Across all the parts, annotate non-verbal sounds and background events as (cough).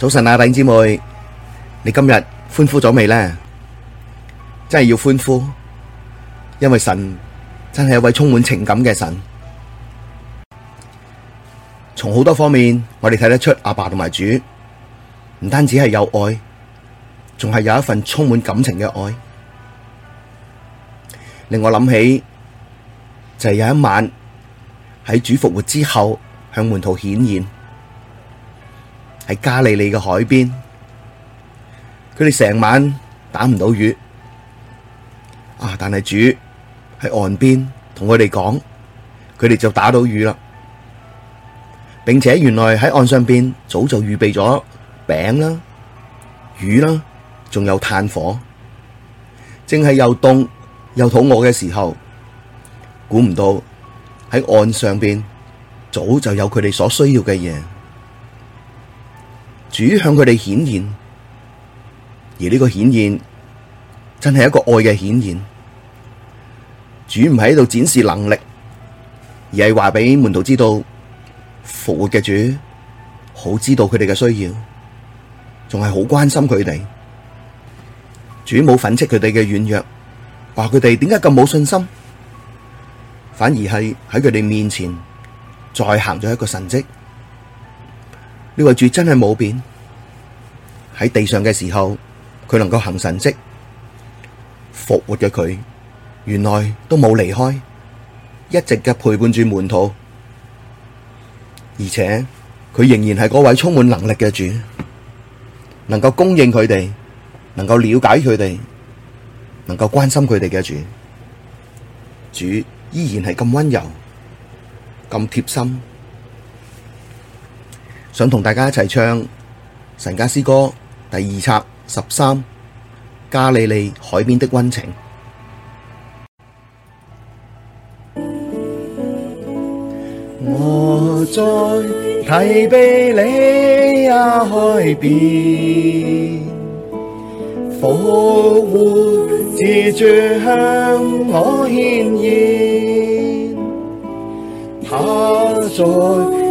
早晨啊，弟兄姊妹，你今日歡呼咗未呢？真係要歡呼，因為神真係一位充滿情感嘅神。從好多方面，我哋睇得出阿爸同埋主唔單止係有愛，仲係有一份充滿感情嘅愛，令我諗起就係有一晚喺主復活之後向門徒顯現。喺加利利嘅海邊，佢哋成晚打唔到魚啊！但係主喺岸邊同佢哋講，佢哋就打到魚啦，並且原來喺岸上邊早就預備咗餅啦、魚啦，仲有炭火。正係又凍又肚餓嘅時候，估唔到喺岸上邊早就有佢哋所需要嘅嘢。主向佢哋顯現，而呢個顯現真係一個愛嘅顯現。主唔係喺度展示能力，而係話畀門徒知道，復活嘅主好知道佢哋嘅需要，仲係好關心佢哋。主冇粉飾佢哋嘅軟弱，話佢哋點解咁冇信心，反而係喺佢哋面前再行咗一個神蹟。呢位主真係冇變，喺地上嘅時候，佢能夠行神蹟復活嘅佢，原來都冇離開，一直嘅陪伴住門徒，而且佢仍然係嗰位充滿能力嘅主，能夠供應佢哋，能夠了解佢哋，能夠關心佢哋嘅主，主依然係咁温柔，咁貼心。想同大家一齊唱《神家詩歌》第二冊十三《加利利海邊的溫情》。 (music) 我在提比哩亞海邊，復活之主向我顯現，他在。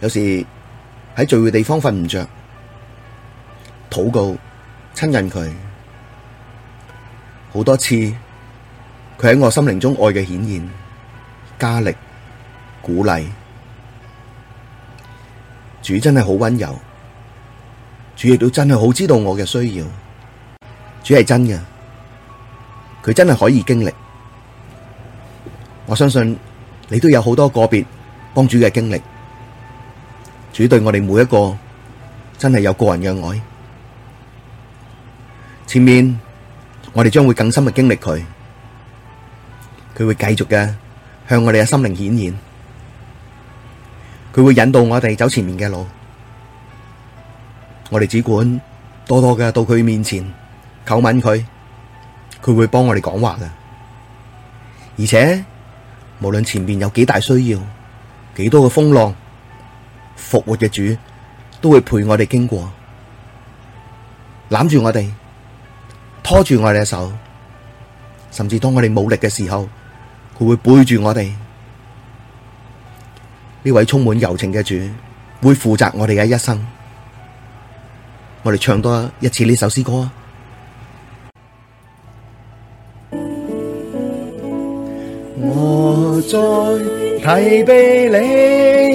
有時喺聚會地方瞓唔着，禱告親近佢好多次，佢喺我心靈中愛嘅顯現，加力鼓勵，主真係好溫柔，主亦都真係好知道我嘅需要，主係真嘅，佢真係可以經歷，我相信你都有好多個別幫主嘅經歷。主對我哋每一個真係有個人嘅愛，前面我哋將會更深嘅經歷佢，佢會繼續嘅向我哋嘅心靈顯現，佢會引導我哋走前面嘅路，我哋只管多多嘅到佢面前叩吻佢，佢會幫我哋講話嘅，而且無論前面有幾大需要，幾多嘅風浪。復活嘅主都會陪我哋經過，攬住我哋，拖住我哋嘅手，甚至當我哋冇力嘅時候，佢會背住我哋。呢位充滿柔情嘅主會負責我哋嘅一生。我哋唱多一次呢首詩歌啊！我在提比哩。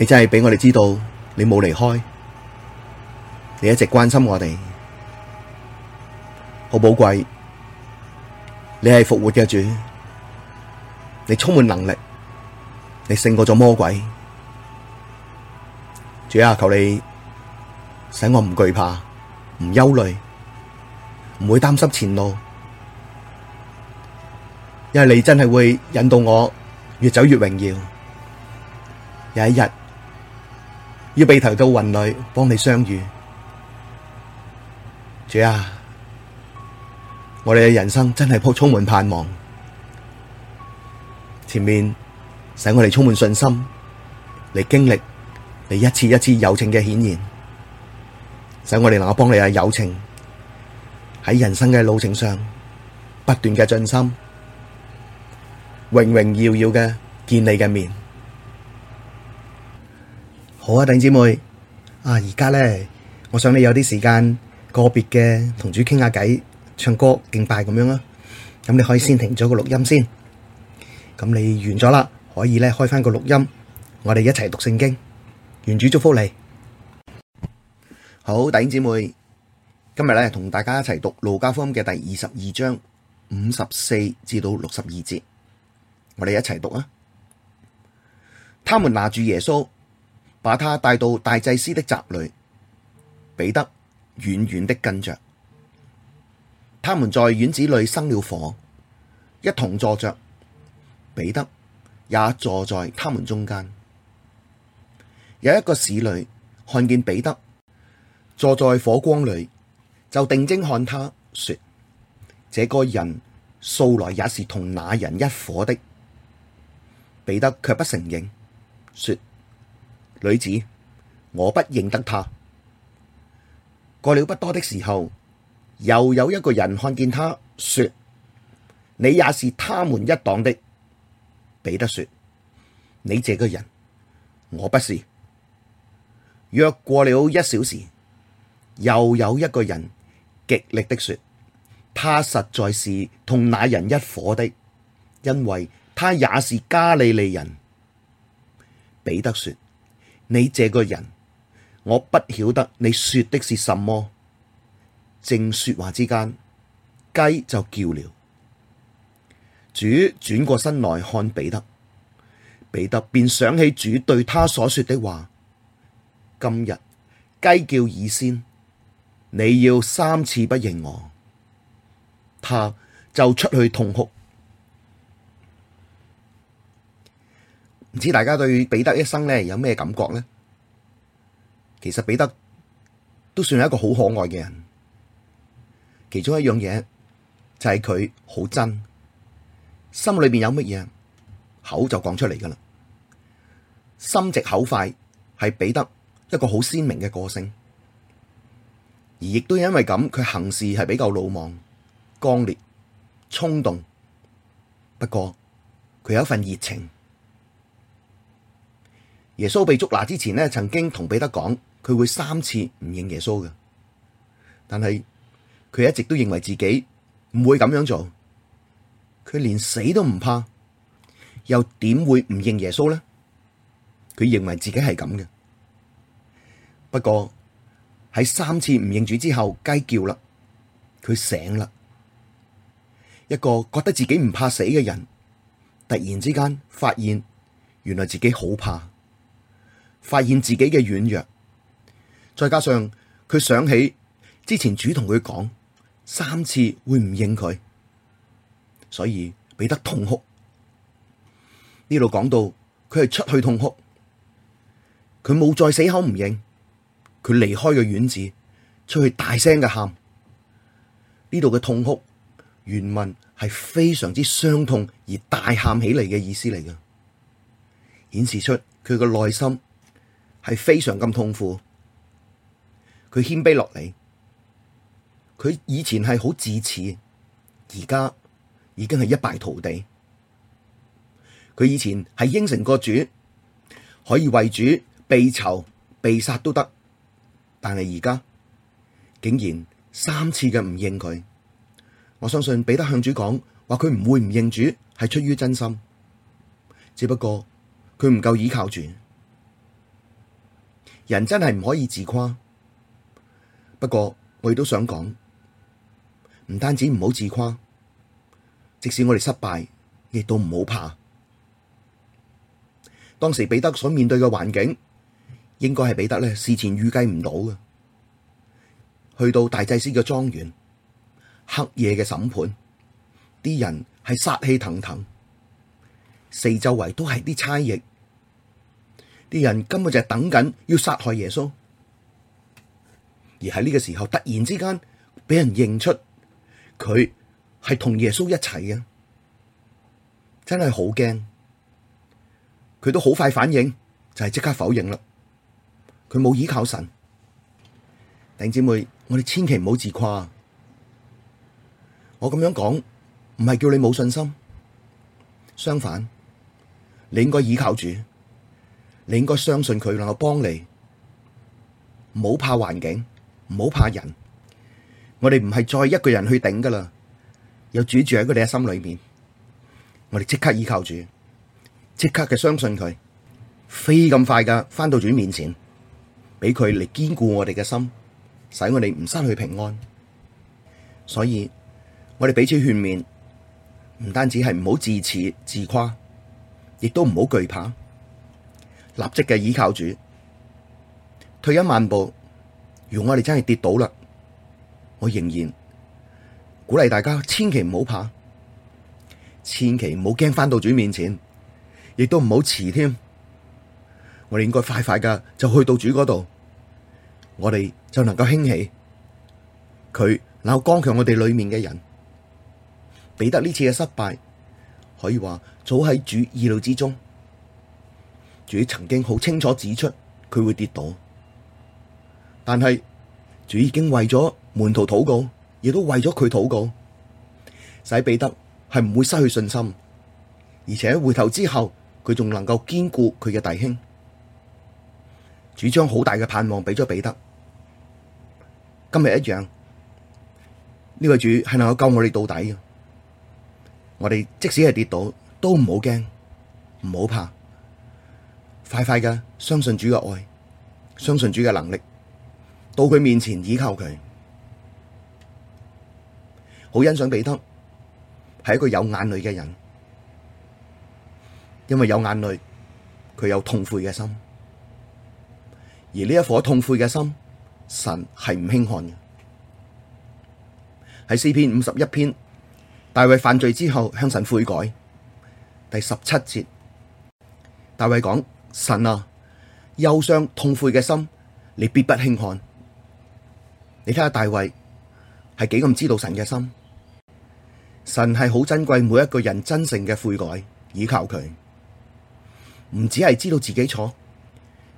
你真係畀我哋知道，你冇離開，你一直關心我哋，好寶貴。你係復活嘅主，你充滿能力，你勝過咗魔鬼。主啊，求你使我唔懼怕，唔憂慮，唔會擔心前路，因為你真係會引導我越走越榮耀。有一日。要被提到雲裏幫你相遇，主啊，我哋嘅人生真係鋪充滿盼望，前面使我哋充滿信心嚟，經歷，嚟一次一次友情嘅顯現，使我哋能夠幫你嘅友情喺人生嘅路程上不斷嘅進深，榮榮耀耀嘅見你嘅面。好啊，弟兄姊妹，啊而家咧，我想你有啲時間個別嘅同主傾下偈、唱歌、敬拜咁樣啊。咁你可以先停咗個錄音先。咁你完咗啦，可以咧開翻個錄音，我哋一齊讀聖經。願主祝福你。好，弟兄姊妹，今日咧同大家一齊讀《路加福音》嘅第二十二章五十四至到六十二節，我哋一齊讀啊。他們拿住耶穌。把他帶到大祭司的宅裡，彼得遠遠的跟着。他們在院子裡生了火，一同坐著，彼得也坐在他們中間。有一個使女看見彼得坐在火光裡，就定睛看他，說：這個人素來也是同那人一夥的。彼得卻不承認，說。女子，我不認得他。過了不多的時候，又有一個人看見他，說：你也是他們一黨的。彼得說：你這個人，我不是。約過了一小時，又有一個人極力的說：他實在是同那人一伙的，因為他也是加利利人。彼得說：你這個人，我不曉得你說的是什麼。正說話之間，雞就叫了。主轉過身來看彼得，彼得便想起主對他所說的話：今日雞叫以先，你要三次不認我，他就出去痛哭。唔知大家對彼得一生呢有咩感覺呢？其實彼得都算係一個好可愛嘅人，其中一樣嘢就係佢好真，心裏面有乜嘢口就講出嚟噶啦，心直口快係彼得一個好鮮明嘅個性，而亦都因為咁，佢行事係比較魯莽、剛烈、衝動，不過佢有一份熱情。耶穌被捉拿之前呢，曾經同彼得講，佢會三次唔認耶穌嘅。但係佢一直都認為自己唔會咁樣做，佢連死都唔怕，又點會唔認耶穌呢？佢認為自己係咁嘅。不過喺三次唔認主之後，雞叫啦，佢醒啦。一個覺得自己唔怕死嘅人，突然之間發現，原來自己好怕。發現自己嘅軟弱，再加上佢想起之前主同佢講三次會唔應佢，所以彼得痛哭。呢度講到佢係出去痛哭，佢冇再死口唔認，佢離開個院子出去大聲嘅喊。呢度嘅痛哭，原文係非常之傷痛而大喊起嚟嘅意思嚟嘅，顯示出佢嘅內心。係非常咁痛苦，佢謙卑落嚟，佢以前係好自持，而家已經係一敗塗地。佢以前係應承過主，可以為主被囚、被殺都得，但係而家竟然三次嘅唔認佢。我相信彼得向主講，話佢唔會唔認主，係出於真心，只不過佢唔夠依靠主。人真係唔可以自誇，不過我亦都想講，唔單止唔好自誇，即使我哋失敗，亦都唔好怕。當時彼得所面對嘅環境，應該係彼得咧事前預計唔到嘅。去到大祭司嘅莊園，黑夜嘅審判，啲人係殺氣騰騰，四周圍都係啲差役。啲人根本就係等緊要殺害耶穌，而喺呢個時候突然之間俾人認出佢係同耶穌一齊嘅，真係好驚。佢都好快反應，就係即刻否認啦。佢冇依靠神，弟兄姊妹，我哋千祈唔好自誇。我咁樣講唔係叫你冇信心，相反你應該依靠主。你應該相信佢能夠幫你，唔好怕環境，唔好怕人。我哋唔係再一個人去頂噶啦，有主住喺佢哋嘅心裏面，我哋即刻依靠主，即刻嘅相信佢，飛咁快噶，翻到主面前，俾佢嚟堅固我哋嘅心，使我哋唔失去平安。所以，我哋彼此勸勉，唔單止係唔好自恃自誇，亦都唔好懼怕。立即嘅倚靠主，退一萬步，如果我哋真係跌倒啦，我仍然鼓勵大家，千祈唔好怕，千祈唔好驚，翻到主面前，亦都唔好遲添。我哋應該快快噶就去到主嗰度，我哋就能夠興起，佢能夠剛強我哋裏面嘅人。彼得呢次嘅失敗，可以話早喺主意料之中。主曾經好清楚指出佢會跌倒，但係主已經為咗門徒禱告，亦都為咗佢禱告，使彼得係唔會失去信心，而且回頭之後佢仲能夠堅固佢嘅弟兄。主將好大嘅盼望俾咗彼得，今日一樣，呢個主係能夠救我哋到底嘅。我哋即使係跌倒，都唔好驚，唔好怕。快快嘅相信主嘅愛，相信主嘅能力，到佢面前倚靠佢，好欣賞彼得係一個有眼淚嘅人，因為有眼淚，佢有痛悔嘅心，而呢一顆痛悔嘅心，神係唔輕看嘅。喺詩篇五十一篇，大衛犯罪之後向神悔改，第十七節，大衛講。神啊，憂傷痛悔嘅心，你必不輕看。你睇下大衛係幾咁知道神嘅心，神係好珍貴每一個人真正嘅悔改，依靠佢，唔只係知道自己錯，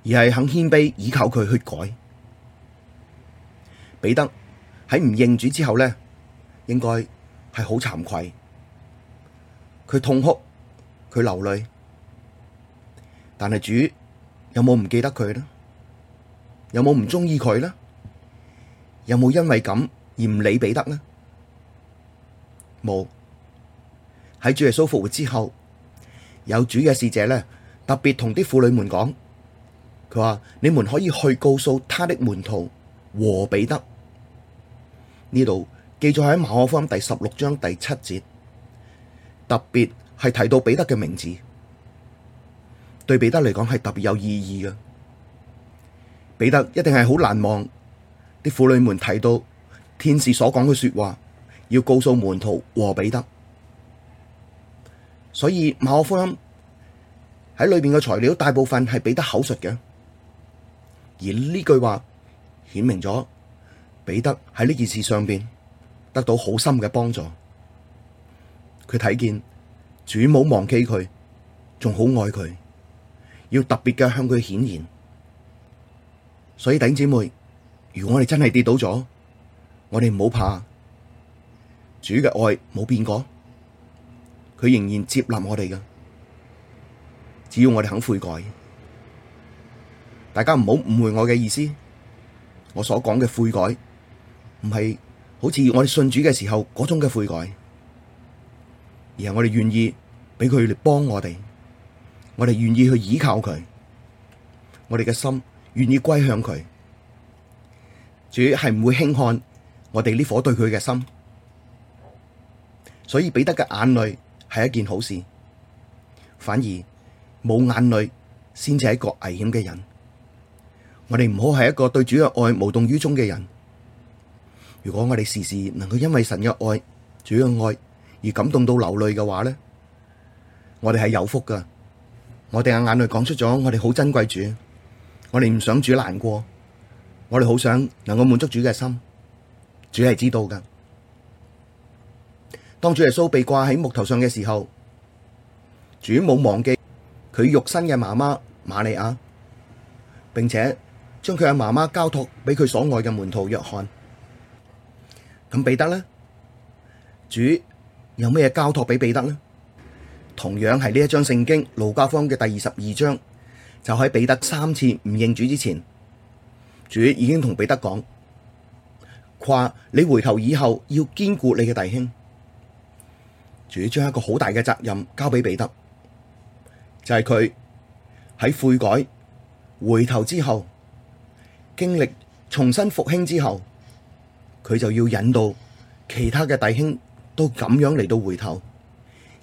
而係肯謙卑依靠佢去改。彼得喺唔認主之後呢，應該係好慚愧，佢痛哭，佢流淚。但係主有冇唔記得佢呢？有冇唔鍾意佢呢？有冇因為咁而唔理彼得呢？冇。喺主耶穌復活之後，有主嘅使者呢，特別同啲婦女們講，佢話：你們可以去告訴他的門徒和彼得。呢度記載喺馬可福音第十六章第七節，特別係提到彼得嘅名字。對彼得嚟講係特別有意義嘅，彼得一定係好難忘啲婦女們睇到天使所講嘅說話，要告訴門徒和彼得。所以馬可福音喺裏邊嘅材料大部分係彼得口述嘅，而呢句話顯明咗彼得喺呢件事上邊得到好深嘅幫助。佢睇見主冇忘記佢，仲好愛佢。要特別嘅向佢顯現，所以弟兄姊妹，如果我哋真係跌倒咗，我哋唔好怕，主嘅愛冇變過，佢仍然接納我哋㗎，只要我哋肯悔改。大家唔好誤會我嘅意思，我所講嘅悔改，唔係好似我哋信主嘅時候嗰種嘅悔改，而係我哋願意俾佢嚟幫我哋。我哋願意去依靠佢，我哋嘅心願意歸向佢，主係唔會輕看我哋呢顆對佢嘅心，所以彼得嘅眼淚係一件好事，反而冇眼淚先至係一個危險嘅人。我哋唔好係一個對主嘅愛無動於衷嘅人。如果我哋時時能夠因為神嘅愛、主嘅愛而感動到流淚嘅話咧，我哋係有福噶。我哋嘅眼淚講出咗，我哋好珍貴主，我哋唔想主難過，我哋好想能夠滿足主嘅心，主係知道㗎。當主耶穌被掛喺木頭上嘅時候，主冇忘記佢肉身嘅媽媽瑪利亞，並且將佢嘅媽媽交託俾佢所愛嘅門徒約翰。咁彼得呢，主有咩交託俾彼得呢？同樣係呢一章聖經《路加福音》嘅第二十二章，就喺彼得三次唔認主之前，主已經同彼得講，話你回頭以後要堅固你嘅弟兄。主將一個好大嘅責任交俾彼得，就係佢喺悔改、回頭之後，經歷重新復興之後，佢就要引導其他嘅弟兄都咁樣嚟到回頭。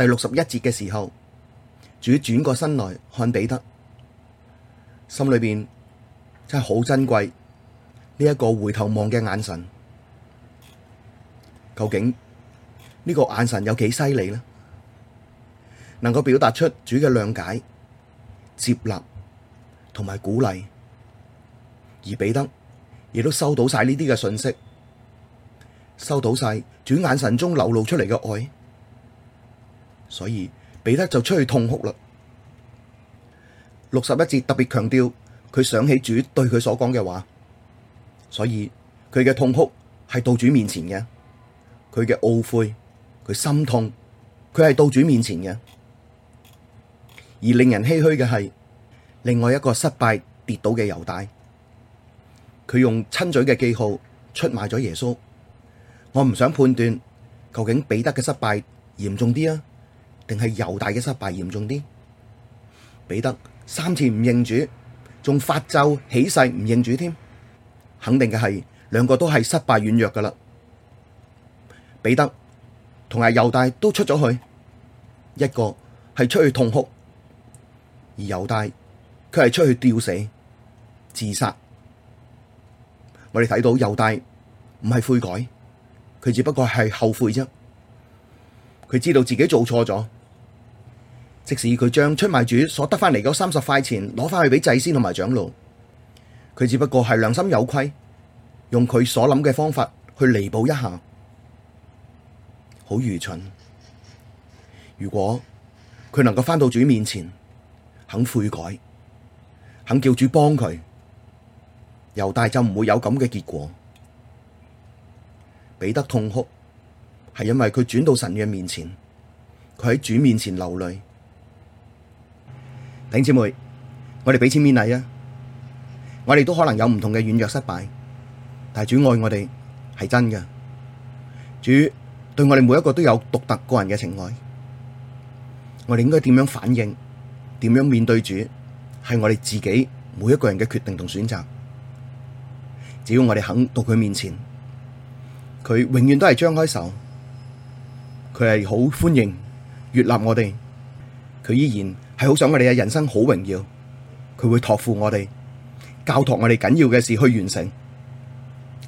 第六十一節嘅時候，主轉過身來看彼得，心裏邊真係好珍貴呢一個回頭望嘅眼神。究竟呢個眼神有幾犀利呢？能夠表達出主嘅諒解、接納同埋鼓勵，而彼得亦都收到晒呢啲嘅訊息，收到晒主眼神中流露出嚟嘅愛。所以彼得就出去痛哭啦。六十一節特別強調，佢想起主對佢所講嘅話，所以佢嘅痛哭係道主面前嘅。佢嘅懊悔，佢心痛，佢係道主面前嘅。而令人唏噓嘅係另外一個失敗跌倒嘅猶大，佢用親嘴嘅記號出賣咗耶穌。我唔想判斷究竟彼得嘅失敗嚴重啲啊，定係猶大嘅失敗嚴重啲？彼得三次唔認主，仲發咒起誓唔認主添。肯定嘅係兩個都係失敗軟弱噶啦。彼得同埋猶大都出咗去，一個係出去痛哭，而猶大佢係出去吊死、自殺。我哋睇到猶大唔係悔改，佢只不過係後悔啫，佢知道自己做錯咗。即使佢將出賣主所得翻嚟嗰三十塊錢攞翻去畀祭司同埋長老，佢只不過係良心有愧，用佢所諗嘅方法去彌補一下，好愚蠢。如果佢能夠翻到主面前，肯悔改，肯叫主幫佢，猶大就唔會有咁嘅結果。彼得痛哭，係因為佢轉到神嘅面前，佢喺主面前流淚。弟兄姊妹，我哋俾錢勉勵啊！我哋都可能有唔同嘅軟弱失敗，但係主愛我哋係真嘅。主對我哋每一個都有獨特個人嘅情愛，我哋應該點樣反應？點樣面對主？係我哋自己每一個人嘅決定同選擇。只要我哋肯到佢面前，佢永遠都係張開手，佢係好歡迎接納我哋，佢依然。係好想我哋嘅人生好榮耀，佢會托付我哋，教託我哋緊要嘅事去完成，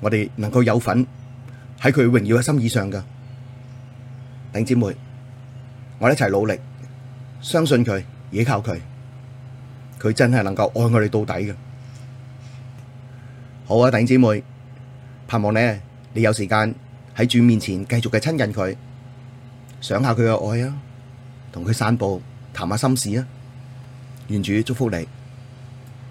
我哋能夠有份喺佢榮耀嘅心意上嘅，弟兄姊妹，我哋一齊努力，相信佢，倚靠佢，佢真係能夠愛我哋到底嘅。好啊，弟兄姊妹，盼望呢，你有時間喺主面前繼續嘅親近佢，想下佢嘅愛啊，同佢散步。談下心事啊！願主祝福你。